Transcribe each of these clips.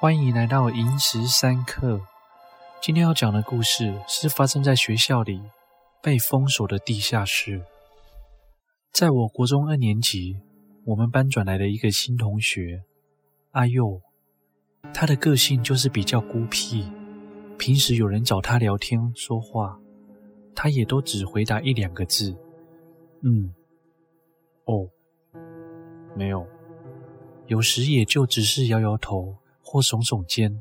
歡迎來到螢石三課，今天要講的故事是發生在學校裡被封鎖的地下室。在我國中二年級，我們班轉來了一個新同學，阿佑。他的個性就是比較孤僻，平時有人找他聊天說話，他也都只回答一兩個字。嗯，哦，沒有，有時也就只是搖搖頭。或聳聳肩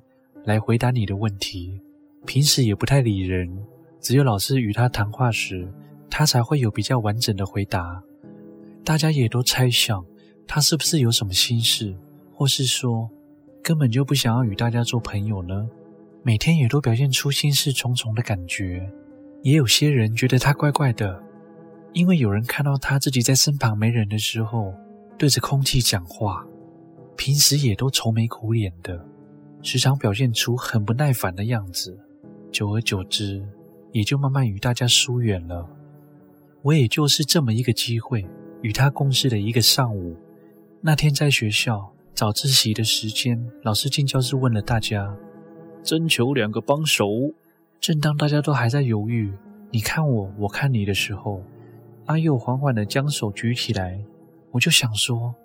來回答你的問題，平時也不太理人，只有老師與他談話時，他才會有比較完整的回答。大家也都猜想他是不是有什麼心事，或是說根本就不想要與大家做朋友呢？每天也都表現出心事重重的感覺。也有些人覺得他怪怪的，因為有人看到他自己在身旁沒人的時候對着空氣講話。平時也都愁眉苦臉的，時常表現出很不耐煩的樣子。久而久之，也就慢慢與大家疏遠了。我也就是這麼一個機會，與他共事的一個上午。那天在學校早自習的時間，老師進教室問了大家，徵求兩個幫手。正當大家都還在猶豫，你看我，我看你的時候，阿佑緩緩地將手舉起來。我就想說，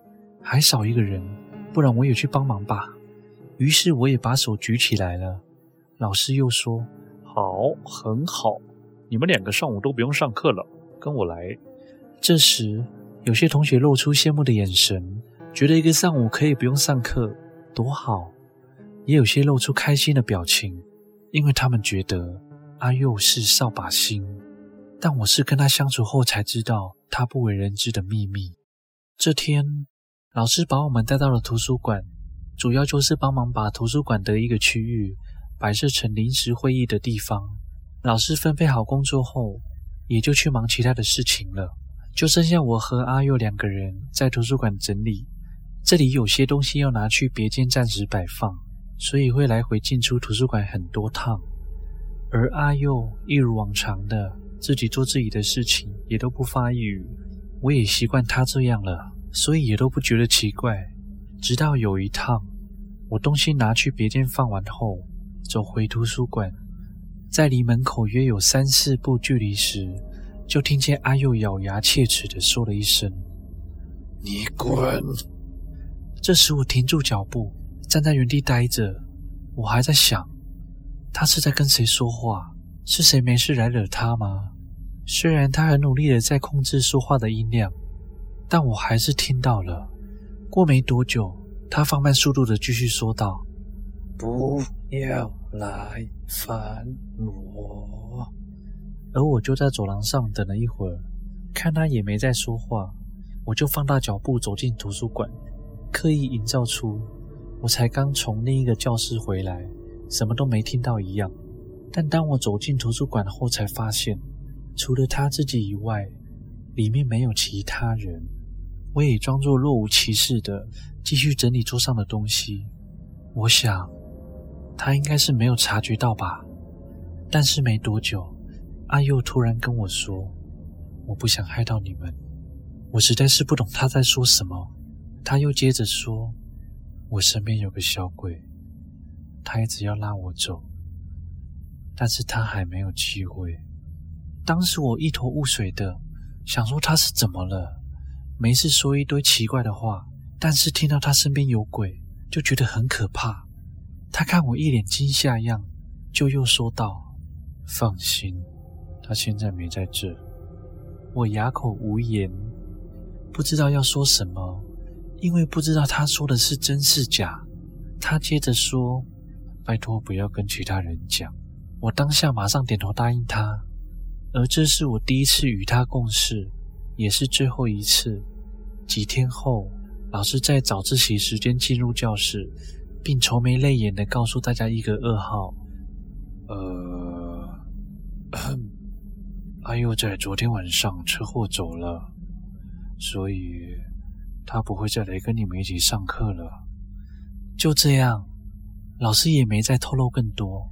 還少一個人。不然我也去幫忙吧。於是我也把手舉起來了。老師又說：“好，很好，你們兩個上午都不用上課了，跟我來。”這時，有些同學露出羨慕的眼神，覺得一個上午可以不用上課多好；也有些露出開心的表情，因為他們覺得阿佑是掃把星。但我是跟他相處後才知道他不為人知的祕密。這天。老師把我們帶到了圖書館，主要就是幫忙把圖書館的一個區域擺設成臨時會議的地方。老師分配好工作後，也就去忙其他的事情了，就剩下我和阿佑兩個人在圖書館整理。這裡有些東西要拿去別間暫時擺放，所以會來回進出圖書館很多趟。而阿佑一如往常的自己做自己的事情，也都不發一語，我也習慣他這樣了。所以也都不覺得奇怪。直到有一趟，我東西拿去別店放完後，走回圖書館，在離門口約有三四步距離時，就聽見阿佑咬牙切齒地說了一聲：“你滾！”這時我停住腳步，站在原地待著。我還在想，他是在跟誰說話？是誰沒事來惹他嗎？雖然他很努力地在控制說話的音量。但我還是聽到了。過沒多久，他放慢速度的繼續說道：“不要來煩我。”而我就在走廊上等了一會兒，看他也沒再說話，我就放大腳步走進圖書館，刻意營造出我才剛從另一個教室回來，什麼都沒聽到一樣。但當我走進圖書館後，才發現除了他自己以外，裡面沒有其他人。我也裝作若無其事的繼續整理桌上的東西，我想他應該是沒有察覺到吧。但是沒多久，阿佑突然跟我說：“我不想害到你們。”我實在是不懂他在說什麼。他又接着說：“我身邊有個小鬼，他一直要拉我走，但是他還沒有機會。”當時我一頭霧水的，想說他是怎麼了。沒事，說一堆奇怪的話，但是聽到他身邊有鬼，就覺得很可怕。他看我一臉驚嚇樣，就又說道：“放心，他現在沒在這。”我啞口無言，不知道要說什麼，因為不知道他說的是真是假。他接着說：“拜托，不要跟其他人講。”我當下馬上點頭答應他。而這是我第一次與他共事，也是最後一次。幾天後，老師在早自習時間進入教室，並愁眉淚眼地告訴大家一個噩耗：“呃，哼，阿佑在昨天晚上車禍走了，所以他不會再來跟你們一起上課了。”就這樣，老師也沒再透露更多。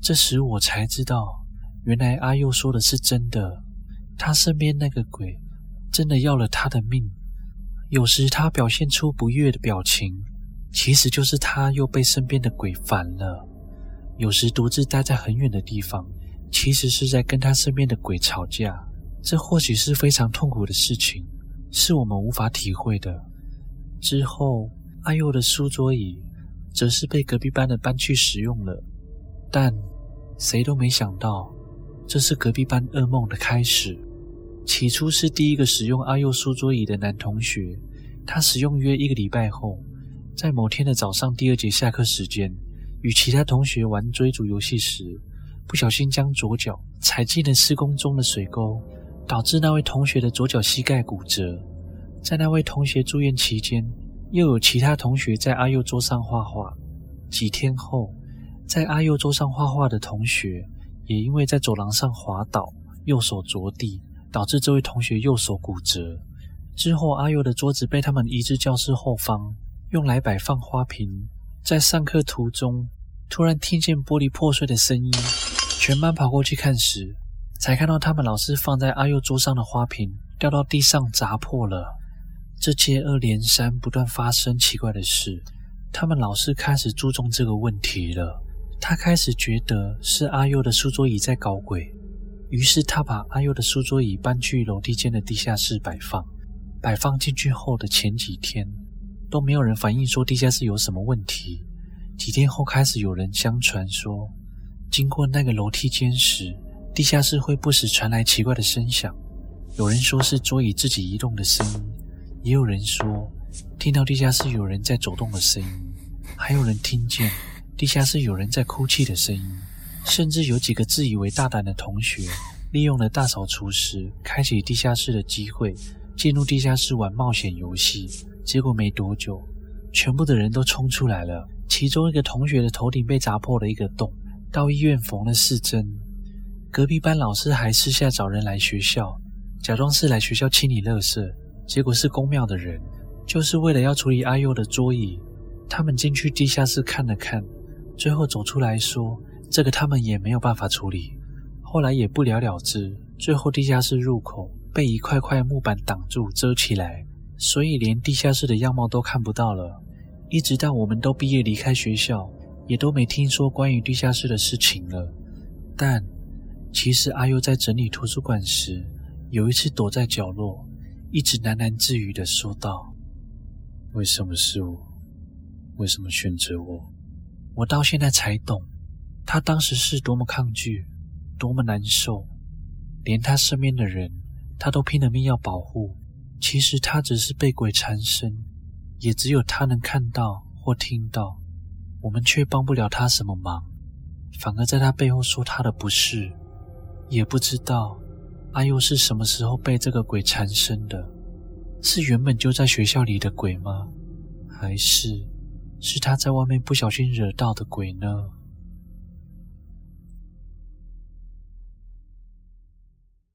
這時我才知道，原來阿佑說的是真的，他身邊那個鬼真的要了他的命。有時他表現出不悅的表情，其實就是他又被身邊的鬼煩了；有時獨自待在很遠的地方，其實是在跟他身邊的鬼吵架。這或許是非常痛苦的事情，是我們無法體會的。之後，阿佑的書桌椅則是被隔壁班的搬去使用了，但誰都沒想到，這是隔壁班噩夢的開始。起初是第一個使用阿佑書桌椅的男同學，他使用約一個禮拜後，在某天的早上第二節下課時間，與其他同學玩追逐遊戲時，不小心將左腳踩進了施工中的水溝，導致那位同學的左腳膝蓋骨折。在那位同學住院期間，又有其他同學在阿佑桌上畫畫。幾天後，在阿佑桌上畫畫的同學，也因為在走廊上滑倒，右手着地。導致這位同學右手骨折。之後，阿佑的桌子被他們移至教室後方，用來擺放花瓶。在上課途中，突然聽見玻璃破碎的聲音。全班跑過去看時，才看到他們老師放在阿佑桌上的花瓶掉到地上砸破了。這接二連三不斷發生奇怪的事，他們老師開始注重這個問題了。他開始覺得是阿佑的書桌椅在搞鬼。於是他把阿佑的書桌椅搬去樓梯間的地下室擺放。擺放進去後的前幾天，都沒有人反映說地下室有什麼問題。幾天後開始有人相傳說，經過那個樓梯間時，地下室會不時傳來奇怪的聲響。有人說是桌椅自己移動的聲音，也有人說聽到地下室有人在走動的聲音，還有人聽見地下室有人在哭泣的聲音。甚至有幾個自以為大膽的同學，利用了大掃除時開啟地下室的機會，進入地下室玩冒險遊戲。結果沒多久，全部的人都衝出來了。其中一個同學的頭頂被砸破了一個洞，到醫院縫了四針。隔壁班老師還私下找人來學校，假裝是來學校清理垃圾，結果是宮廟的人，就是為了要處理阿佑的桌椅。他們進去地下室看了看，最後走出來說。這個他們也沒有辦法處理，後來也不了了之。最後，地下室入口被一塊塊木板擋住遮起來，所以連地下室的樣貌都看不到了。一直到我們都畢業離開學校，也都沒聽說關於地下室的事情了。但其實，阿優在整理圖書館時，有一次躲在角落，一直喃喃自語地說道：“為什麼是我？為什麼選擇我？我到現在才懂。”他當時是多麼抗拒，多麼難受，連他身邊的人，他都拼了命要保護。其實他只是被鬼纏身，也只有他能看到或聽到，我們卻幫不了他什麼忙，反而在他背後說他的不是。也不知道阿佑、哎、是什麼時候被這個鬼纏身的，是原本就在學校裡的鬼嗎？還是是他在外面不小心惹到的鬼呢？